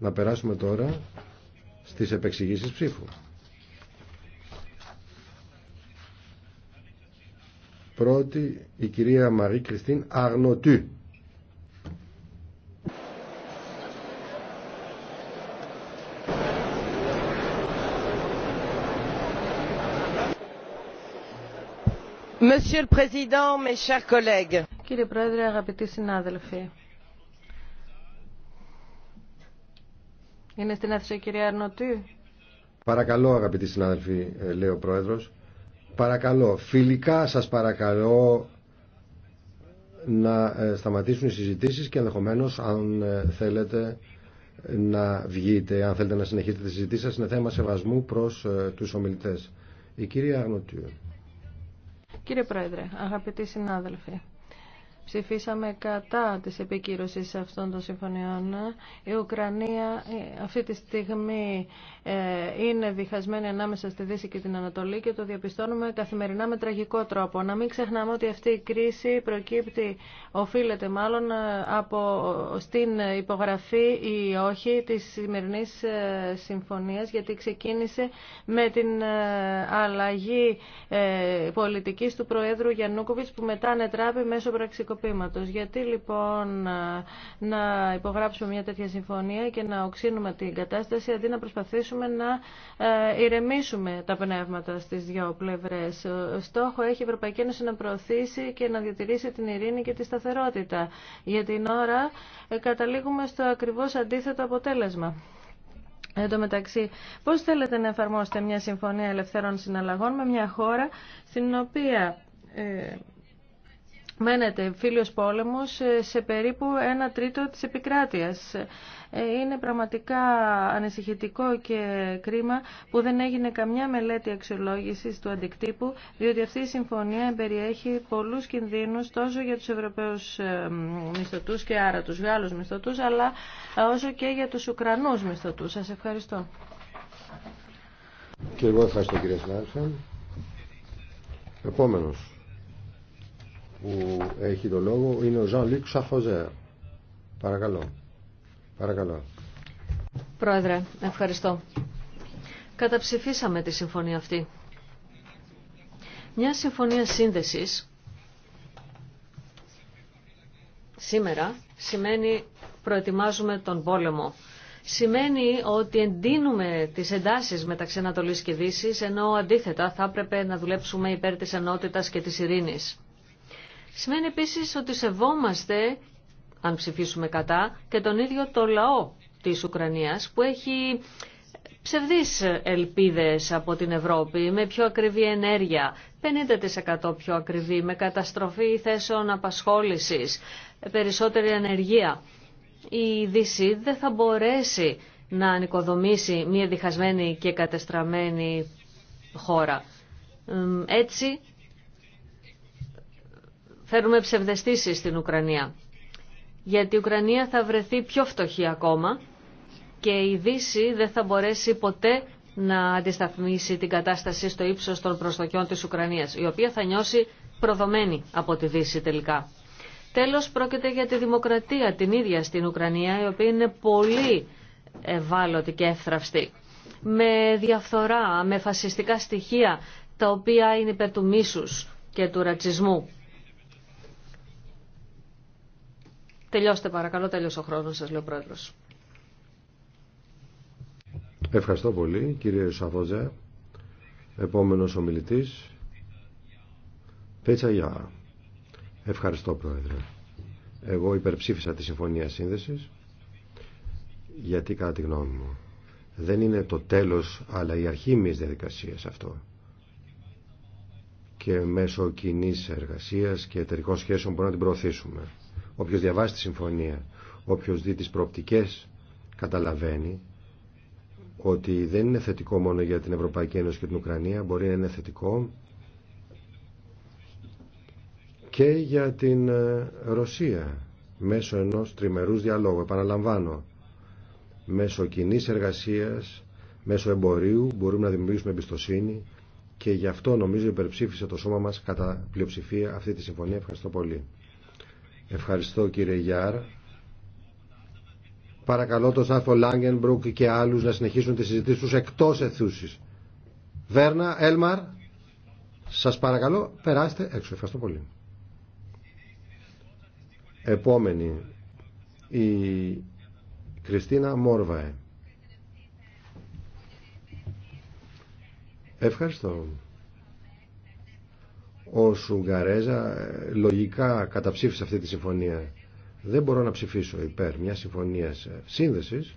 Να περάσουμε τώρα στις επεξηγήσεις ψήφου. Πρώτη η κυρία Μαρή Κριστίν Αγνοτού. Monsieur Κύριε Πρόεδρε, αγαπητοί συνάδελφοι. Είναι στην αίθουσα η κυρία Αρνοτή. Παρακαλώ αγαπητοί συνάδελφοι, ε, λέει ο Πρόεδρος. Παρακαλώ, φιλικά σας παρακαλώ να ε, σταματήσουν οι συζητήσεις και ενδεχομένως αν ε, θέλετε να βγείτε, αν θέλετε να συνεχίσετε τη συζήτηση σας, είναι θέμα σεβασμού προς τους ομιλητές. Η κυρία Αγνωτίου. Κύριε Πρόεδρε, αγαπητοί συνάδελφοι, ψηφίσαμε κατά της επικύρωσης αυτών των συμφωνιών. Η Ουκρανία ε, αυτή τη στιγμή ε, είναι διχασμένη ανάμεσα στη Δύση και την Ανατολή και το διαπιστώνουμε καθημερινά με τραγικό τρόπο. Να μην ξεχνάμε ότι αυτή η κρίση προκύπτει, οφείλεται μάλλον ε, από στην υπογραφή ή όχι της σημερινής συμφωνίας γιατί ξεκίνησε με την αλλαγή πολιτικής του Προέδρου Γιαννούκοβιτς που μετά ανετράπη μέσω πραξικοπημάτων γιατί λοιπόν να υπογράψουμε μια τέτοια συμφωνία και να οξύνουμε την κατάσταση αντί να προσπαθήσουμε να ε, ηρεμήσουμε τα πνεύματα στις δύο πλευρές. Στόχο έχει η Ευρωπαϊκή Ένωση να προωθήσει και να διατηρήσει την ειρήνη και τη σταθερότητα. Για την ώρα ε, καταλήγουμε στο ακριβώς αντίθετο αποτέλεσμα. Εν τω μεταξύ, πώς θέλετε να εφαρμόσετε μια συμφωνία ελευθέρων συναλλαγών με μια χώρα στην οποία ε, μένεται φίλος πόλεμος ε, σε περίπου ένα τρίτο της επικράτειας. Ε, είναι πραγματικά ανησυχητικό και κρίμα που δεν έγινε καμιά μελέτη αξιολόγησης του αντικτύπου, διότι αυτή η συμφωνία περιέχει πολλούς κινδύνους τόσο για τους Ευρωπαίους ε, μισθωτούς και άρα τους Γάλλους μισθωτούς, αλλά όσο και για τους Ουκρανούς μισθωτούς. Σας ευχαριστώ. κύριε που έχει το λόγο είναι ο Ζαν luc Σαχοζέρ. Παρακαλώ. Παρακαλώ. Πρόεδρε, ευχαριστώ. Καταψηφίσαμε τη συμφωνία αυτή. Μια συμφωνία σύνδεσης σήμερα σημαίνει προετοιμάζουμε τον πόλεμο. Σημαίνει ότι εντείνουμε τις εντάσεις μεταξύ Ανατολής και Δύσης, ενώ αντίθετα θα έπρεπε να δουλέψουμε υπέρ της ενότητας και της ειρήνης. Σημαίνει επίσης ότι σεβόμαστε, αν ψηφίσουμε κατά, και τον ίδιο το λαό της Ουκρανίας που έχει ψευδείς ελπίδες από την Ευρώπη, με πιο ακριβή ενέργεια, 50% πιο ακριβή, με καταστροφή θέσεων απασχόλησης, περισσότερη ενεργεία. Η Δύση δεν θα μπορέσει να ανοικοδομήσει μια διχασμένη και κατεστραμμένη χώρα. Έτσι φέρουμε ψευδεστήσεις στην Ουκρανία. Γιατί η Ουκρανία θα βρεθεί πιο φτωχή ακόμα και η Δύση δεν θα μπορέσει ποτέ να αντισταθμίσει την κατάσταση στο ύψος των προσδοκιών της Ουκρανίας, η οποία θα νιώσει προδομένη από τη Δύση τελικά. Τέλος, πρόκειται για τη δημοκρατία την ίδια στην Ουκρανία, η οποία είναι πολύ ευάλωτη και εύθραυστη. Με διαφθορά, με φασιστικά στοιχεία, τα οποία είναι υπέρ του μίσους και του ρατσισμού. Τελειώστε παρακαλώ, τέλειωσε ο χρόνος σας, λέει ο Πρόεδρος. Ευχαριστώ πολύ, κύριε Σαφόζε. Επόμενος ομιλητής, Πέτσα Γιά. Ευχαριστώ, Πρόεδρε. Εγώ υπερψήφισα τη Συμφωνία Σύνδεσης, γιατί κατά τη γνώμη μου δεν είναι το τέλος, αλλά η αρχή μιας διαδικασίας αυτό και μέσω κοινή εργασίας και εταιρικών σχέσεων μπορούμε να την προωθήσουμε. Οποιο διαβάσει τη συμφωνία, όποιο δει τις προοπτικέ, καταλαβαίνει ότι δεν είναι θετικό μόνο για την Ευρωπαϊκή Ένωση και την Ουκρανία, μπορεί να είναι θετικό και για την ε, Ρωσία μέσω ενός τριμερούς διαλόγου. Επαναλαμβάνω, μέσω κοινή εργασίας, μέσω εμπορίου μπορούμε να δημιουργήσουμε εμπιστοσύνη και γι' αυτό νομίζω υπερψήφισε το σώμα μας κατά πλειοψηφία αυτή τη συμφωνία. Ευχαριστώ πολύ. Ευχαριστώ κύριε Γιάρ. Παρακαλώ τον Σάφο Λάγκενμπρουκ και άλλους να συνεχίσουν τις συζητήσεις τους εκτός εθούσης. Βέρνα, Έλμαρ, σας παρακαλώ περάστε έξω. Ευχαριστώ πολύ. Επόμενη, η Κριστίνα Μόρβαε. Ευχαριστώ ως Ουγγαρέζα ε, λογικά καταψήφισε αυτή τη συμφωνία. Δεν μπορώ να ψηφίσω υπέρ μια συμφωνία ε, σύνδεσης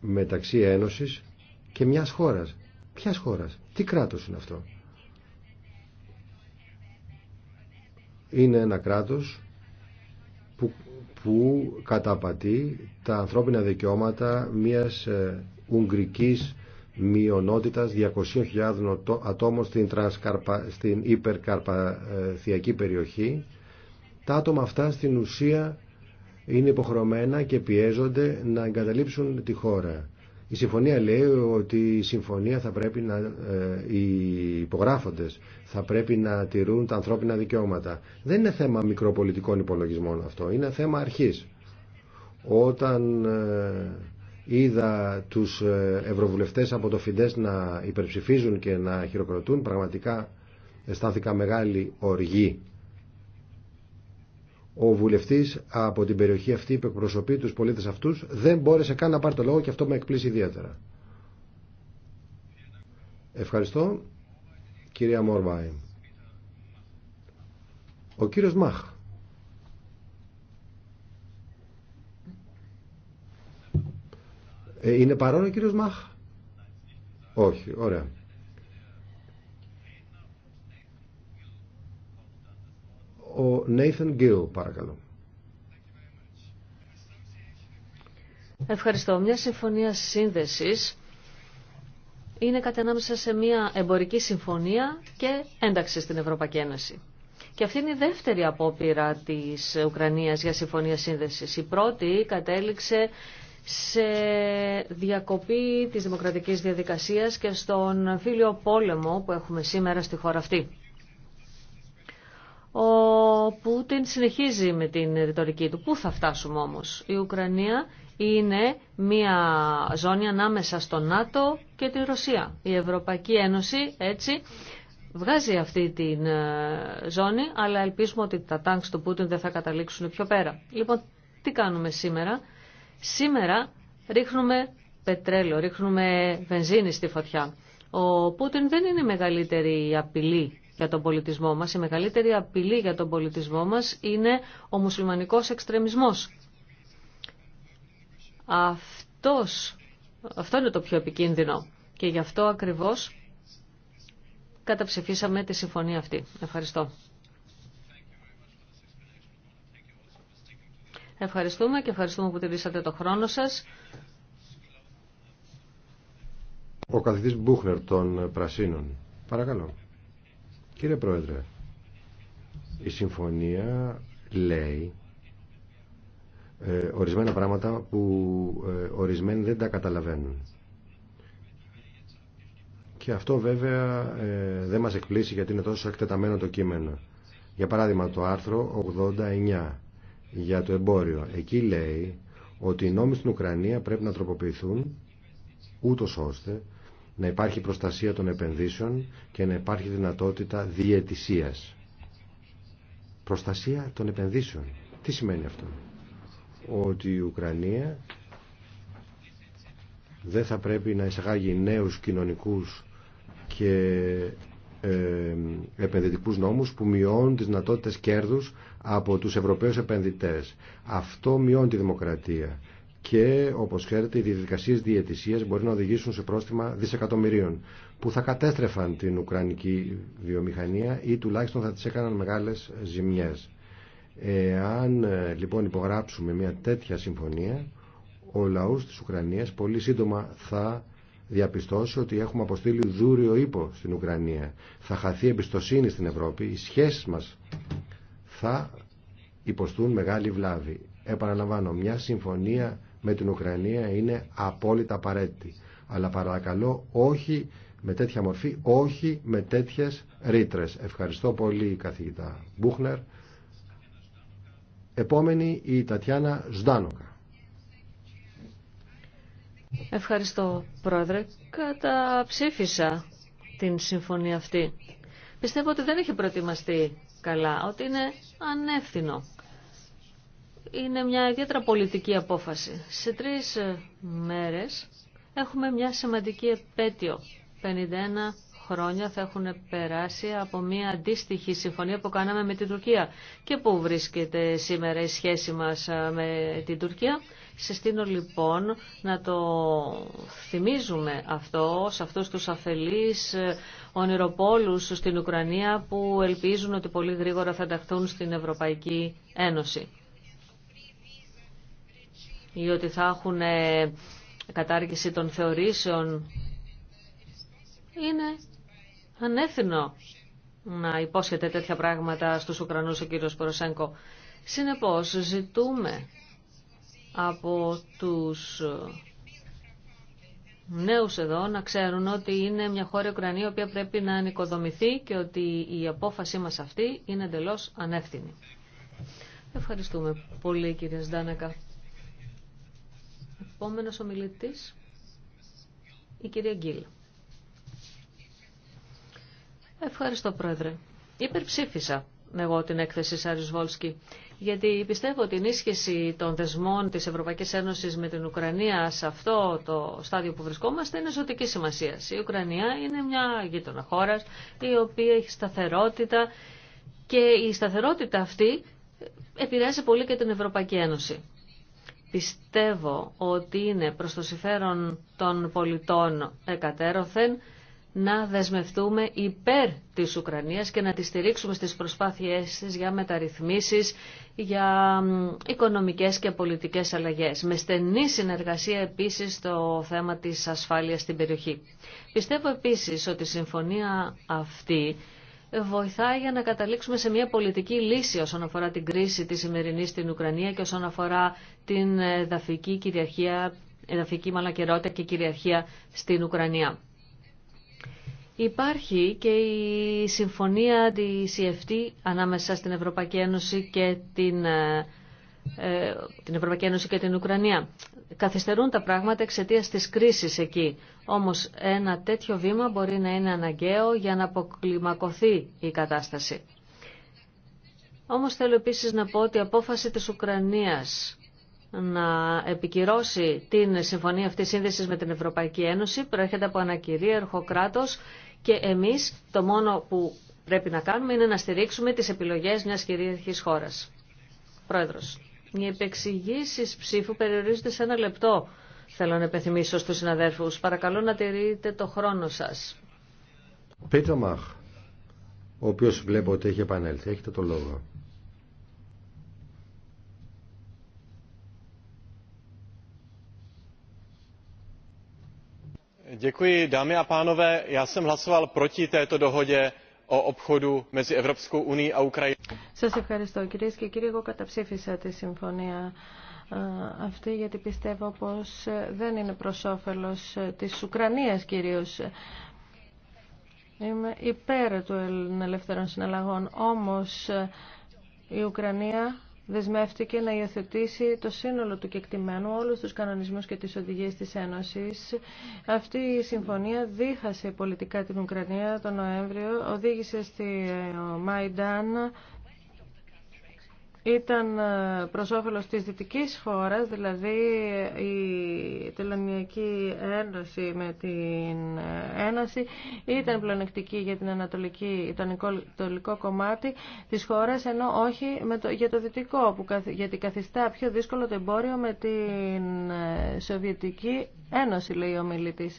μεταξύ Ένωσης και μιας χώρας. Ποια χώρας, τι κράτος είναι αυτό. Είναι ένα κράτος που, που καταπατεί τα ανθρώπινα δικαιώματα μιας ε, Ουγγρικής μειονότητας 200.000 ατόμων στην, στην υπερκαρπαθιακή περιοχή. Τα άτομα αυτά στην ουσία είναι υποχρεωμένα και πιέζονται να εγκαταλείψουν τη χώρα. Η συμφωνία λέει ότι η συμφωνία θα πρέπει να, ε, οι υπογράφοντες θα πρέπει να τηρούν τα ανθρώπινα δικαιώματα. Δεν είναι θέμα μικροπολιτικών υπολογισμών αυτό, είναι θέμα αρχής. Όταν ε, είδα τους ε, ευρωβουλευτές από το Φιντές να υπερψηφίζουν και να χειροκροτούν πραγματικά αισθάνθηκα μεγάλη οργή ο βουλευτής από την περιοχή αυτή που εκπροσωπεί τους πολίτες αυτούς δεν μπόρεσε καν να πάρει το λόγο και αυτό με εκπλήσει ιδιαίτερα ευχαριστώ κυρία Μόρβαη ο κύριος Μάχ Ε, είναι παρόν ο κύριος Μαχ. Όχι, ωραία. Ο Νέιθεν Γκίλ, παρακαλώ. Ευχαριστώ. Μια συμφωνία σύνδεσης είναι κατά σε μια εμπορική συμφωνία και ένταξη στην Ευρωπαϊκή Ένωση. Και αυτή είναι η δεύτερη απόπειρα της Ουκρανίας για συμφωνία σύνδεσης. Η πρώτη κατέληξε σε διακοπή της δημοκρατικής διαδικασίας και στον φίλιο πόλεμο που έχουμε σήμερα στη χώρα αυτή. Ο Πούτιν συνεχίζει με την ρητορική του. Πού θα φτάσουμε όμως. Η Ουκρανία είναι μια ζώνη ανάμεσα στο ΝΑΤΟ και την Ρωσία. Η Ευρωπαϊκή Ένωση έτσι βγάζει αυτή την ε, ζώνη, αλλά ελπίζουμε ότι τα τάγκς του Πούτιν δεν θα καταλήξουν πιο πέρα. Λοιπόν, τι κάνουμε σήμερα. Σήμερα ρίχνουμε πετρέλαιο, ρίχνουμε βενζίνη στη φωτιά. Ο Πούτιν δεν είναι η μεγαλύτερη απειλή για τον πολιτισμό μας. Η μεγαλύτερη απειλή για τον πολιτισμό μας είναι ο μουσουλμανικός εξτρεμισμός. Αυτός, αυτό είναι το πιο επικίνδυνο και γι' αυτό ακριβώς καταψηφίσαμε τη συμφωνία αυτή. Ευχαριστώ. Ευχαριστούμε και ευχαριστούμε που τηρήσατε το χρόνο σας. Ο καθηγητής Μπούχνερ των Πρασίνων. Παρακαλώ. Κύριε Πρόεδρε, η συμφωνία λέει ε, ορισμένα πράγματα που ε, ορισμένοι δεν τα καταλαβαίνουν. Και αυτό βέβαια ε, δεν μας εκπλήσει γιατί είναι τόσο εκτεταμένο το κείμενο. Για παράδειγμα το άρθρο 89 για το εμπόριο. Εκεί λέει ότι οι νόμοι στην Ουκρανία πρέπει να τροποποιηθούν ούτω ώστε να υπάρχει προστασία των επενδύσεων και να υπάρχει δυνατότητα διαιτησίας. Προστασία των επενδύσεων. Τι σημαίνει αυτό. Ότι η Ουκρανία δεν θα πρέπει να εισαγάγει νέους κοινωνικούς και ε, επενδυτικούς νόμους που μειώνουν τις δυνατότητες κέρδους από τους Ευρωπαίους επενδυτές. Αυτό μειώνει τη δημοκρατία και όπως ξέρετε οι διαδικασίες διαιτησίας μπορεί να οδηγήσουν σε πρόστιμα δισεκατομμυρίων που θα κατέστρεφαν την Ουκρανική βιομηχανία ή τουλάχιστον θα τις έκαναν μεγάλες ζημιές. Αν ε, λοιπόν υπογράψουμε μια τέτοια συμφωνία ο λαός της Ουκρανίας πολύ σύντομα θα διαπιστώσει ότι έχουμε αποστείλει δούριο ύπο στην Ουκρανία. Θα χαθεί εμπιστοσύνη στην Ευρώπη, οι σχέσεις μας θα υποστούν μεγάλη βλάβη. Επαναλαμβάνω, μια συμφωνία με την Ουκρανία είναι απόλυτα απαραίτητη. Αλλά παρακαλώ όχι με τέτοια μορφή, όχι με τέτοιε ρήτρε. Ευχαριστώ πολύ καθηγητά Μπούχνερ. Επόμενη η Τατιάνα Ζδάνοκα. Ευχαριστώ, Πρόεδρε. Καταψήφισα την συμφωνία αυτή. Πιστεύω ότι δεν έχει προετοιμαστεί καλά, ότι είναι ανεύθυνο. Είναι μια ιδιαίτερα πολιτική απόφαση. Σε τρεις μέρες έχουμε μια σημαντική επέτειο, 51 χρόνια θα έχουν περάσει από μια αντίστοιχη συμφωνία που κάναμε με την Τουρκία. Και πού βρίσκεται σήμερα η σχέση μας ε, με την Τουρκία. Συστήνω λοιπόν να το θυμίζουμε αυτό σε αυτούς τους αφελείς ε, ονειροπόλους στην Ουκρανία που ελπίζουν ότι πολύ γρήγορα θα ενταχθούν στην Ευρωπαϊκή Ένωση. Ή ότι θα έχουν ε, κατάργηση των θεωρήσεων είναι ανέθυνο να υπόσχεται τέτοια πράγματα στους Ουκρανούς ο κύριος Ποροσέγκο. Συνεπώς ζητούμε από τους νέους εδώ να ξέρουν ότι είναι μια χώρα Ουκρανία η οποία πρέπει να ανοικοδομηθεί και ότι η απόφασή μας αυτή είναι εντελώ ανεύθυνη. Ευχαριστούμε πολύ κύριε Σντάνακα. Επόμενος ομιλητής, η κυρία Γκίλ. Ευχαριστώ, Πρόεδρε. Υπερψήφισα εγώ την έκθεση Σάριου Βόλσκι, γιατί πιστεύω ότι η ενίσχυση των δεσμών της Ευρωπαϊκής Ένωσης με την Ουκρανία σε αυτό το στάδιο που βρισκόμαστε είναι ζωτική σημασία. Η Ουκρανία είναι μια γείτονα χώρα η οποία έχει σταθερότητα και η σταθερότητα αυτή επηρεάζει πολύ και την Ευρωπαϊκή Ένωση. Πιστεύω ότι είναι προς το συμφέρον των πολιτών εκατέρωθεν να δεσμευτούμε υπέρ της Ουκρανίας και να τη στηρίξουμε στις προσπάθειές της για μεταρρυθμίσεις, για οικονομικές και πολιτικές αλλαγές. Με στενή συνεργασία επίσης στο θέμα της ασφάλειας στην περιοχή. Πιστεύω επίσης ότι η συμφωνία αυτή βοηθάει για να καταλήξουμε σε μια πολιτική λύση όσον αφορά την κρίση της σημερινής στην Ουκρανία και όσον αφορά την εδαφική κυριαρχία, εδαφική μαλακερότητα και κυριαρχία στην Ουκρανία. Υπάρχει και η συμφωνία της EFT ανάμεσα στην Ευρωπαϊκή Ένωση και την, ε, ε, και την Ουκρανία. Καθυστερούν τα πράγματα εξαιτία της κρίσης εκεί. Όμως ένα τέτοιο βήμα μπορεί να είναι αναγκαίο για να αποκλιμακωθεί η κατάσταση. Όμως θέλω επίσης να πω ότι η απόφαση της Ουκρανίας να επικυρώσει την συμφωνία αυτή σύνδεσης με την Ευρωπαϊκή Ένωση προέρχεται από ένα κυρίαρχο κράτος και εμείς το μόνο που πρέπει να κάνουμε είναι να στηρίξουμε τις επιλογές μιας κυρίαρχης χώρας. Πρόεδρος, οι επεξηγήσει ψήφου περιορίζονται σε ένα λεπτό. Θέλω να επιθυμίσω στους συναδέλφους Παρακαλώ να τηρείτε το χρόνο σας. Πίτρο Μαχ, ο οποίος βλέπω ότι έχει επανέλθει. Έχετε το λόγο. Σα ευχαριστώ κυρίες και κύριοι. Εγώ καταψήφισα τη συμφωνία αυτή γιατί πιστεύω πως δεν είναι προς όφελος της Ουκρανίας κυρίως. Είμαι υπέρ του ελεύθερων συναλλαγών. Όμως η Ουκρανία δεσμεύτηκε να υιοθετήσει το σύνολο του κεκτημένου, όλους τους κανονισμούς και τις οδηγίες της Ένωσης. Αυτή η συμφωνία δίχασε πολιτικά την Ουκρανία τον Νοέμβριο, οδήγησε στη ε, Μαϊντάν ήταν ε, προς όφελος της δυτικής χώρας, δηλαδή η Τελωνιακή Ένωση με την ε, Ένωση ήταν πλονεκτική για την ανατολική, το ανατολικό κομμάτι της χώρας, ενώ όχι με το, για το δυτικό, που, γιατί καθιστά πιο δύσκολο το εμπόριο με την ε, Σοβιετική Ένωση, λέει ο μιλητής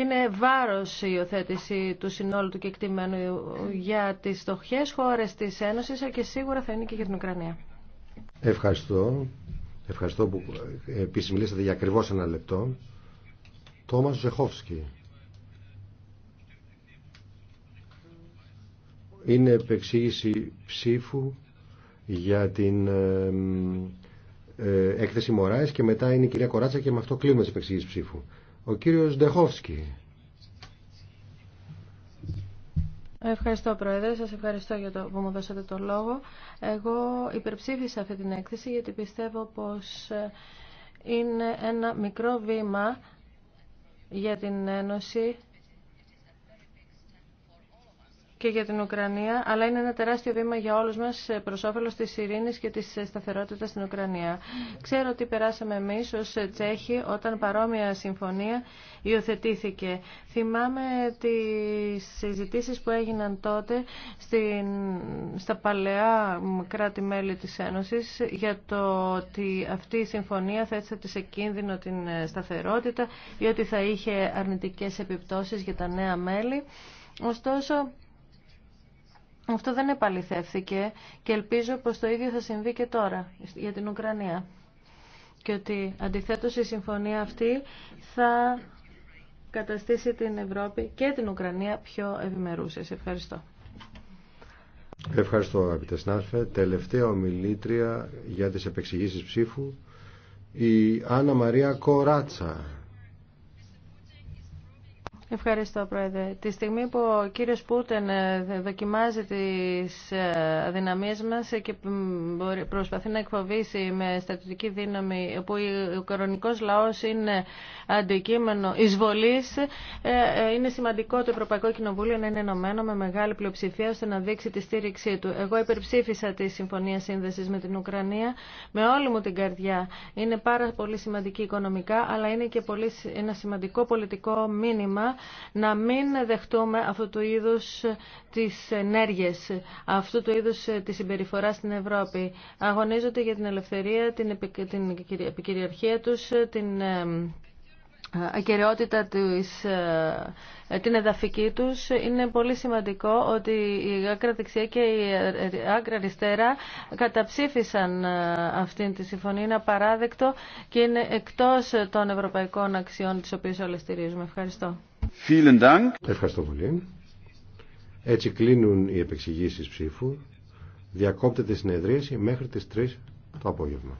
είναι βάρος η υιοθέτηση του συνόλου του κεκτημένου για τις στοχές χώρες της Ένωσης και σίγουρα θα είναι και για την Ουκρανία. Ευχαριστώ. Ευχαριστώ που επίσης για ακριβώς ένα λεπτό. Τόμας Ζεχόφσκι. Είναι επεξήγηση ψήφου για την ε, έκθεση Μωράης και μετά είναι η κυρία Κοράτσα και με αυτό κλείνουμε τις επεξήγησεις ψήφου. Ο κύριος Ντεχόφσκι. Ευχαριστώ Πρόεδρε, σας ευχαριστώ για το που μου δώσατε το λόγο. Εγώ υπερψήφισα αυτή την έκθεση γιατί πιστεύω πως ε, είναι ένα μικρό βήμα για την Ένωση και για την Ουκρανία, αλλά είναι ένα τεράστιο βήμα για όλους μας ε, προς όφελος της ειρήνης και της ε, σταθερότητας στην Ουκρανία. Ξέρω ότι περάσαμε εμείς ως ε, Τσέχοι όταν παρόμοια συμφωνία υιοθετήθηκε. Θυμάμαι τις συζητήσεις που έγιναν τότε στην, στα παλαιά κράτη-μέλη της Ένωσης για το ότι αυτή η συμφωνία θα έτσι σε κίνδυνο την σταθερότητα ή ότι θα είχε αρνητικές επιπτώσεις για τα νέα μέλη. Ωστόσο, αυτό δεν επαληθεύθηκε και ελπίζω πως το ίδιο θα συμβεί και τώρα για την Ουκρανία. Και ότι αντιθέτως η συμφωνία αυτή θα καταστήσει την Ευρώπη και την Ουκρανία πιο ευημερούσες. Ευχαριστώ. Ευχαριστώ αγαπητέ συνάδελφε. Τελευταία ομιλήτρια για τις επεξηγήσεις ψήφου η Άννα Μαρία Κοράτσα. Ευχαριστώ, Πρόεδρε. Τη στιγμή που ο κύριος Πούτεν ε, δοκιμάζει τις ε, αδυναμίες μας και προσπαθεί να εκφοβήσει με στρατιωτική δύναμη που ο κορονικός λαός είναι αντικείμενο εισβολής, ε, είναι σημαντικό το Ευρωπαϊκό Κοινοβούλιο να είναι ενωμένο με μεγάλη πλειοψηφία ώστε να δείξει τη στήριξή του. Εγώ υπερψήφισα τη Συμφωνία Σύνδεσης με την Ουκρανία με όλη μου την καρδιά. Είναι πάρα πολύ σημαντική οικονομικά, αλλά είναι και πολύ, ένα σημαντικό πολιτικό μήνυμα να μην δεχτούμε αυτού του είδους τις ενέργειες, αυτού του είδους ε, τη συμπεριφορά στην Ευρώπη. Αγωνίζονται για την ελευθερία, την επικυριαρχία τους, την ε, ακεραιότητα της, ε, την εδαφική τους είναι πολύ σημαντικό ότι η άκρα δεξιά και η άκρα αριστερά καταψήφισαν αυτήν τη συμφωνία είναι απαράδεκτο και είναι εκτός των ευρωπαϊκών αξιών τις οποίες όλες στηρίζουμε. Ευχαριστώ. Ευχαριστώ πολύ. Έτσι κλείνουν οι επεξηγήσεις ψήφου. Διακόπτεται η συνεδρίαση μέχρι τις 3 το απόγευμα.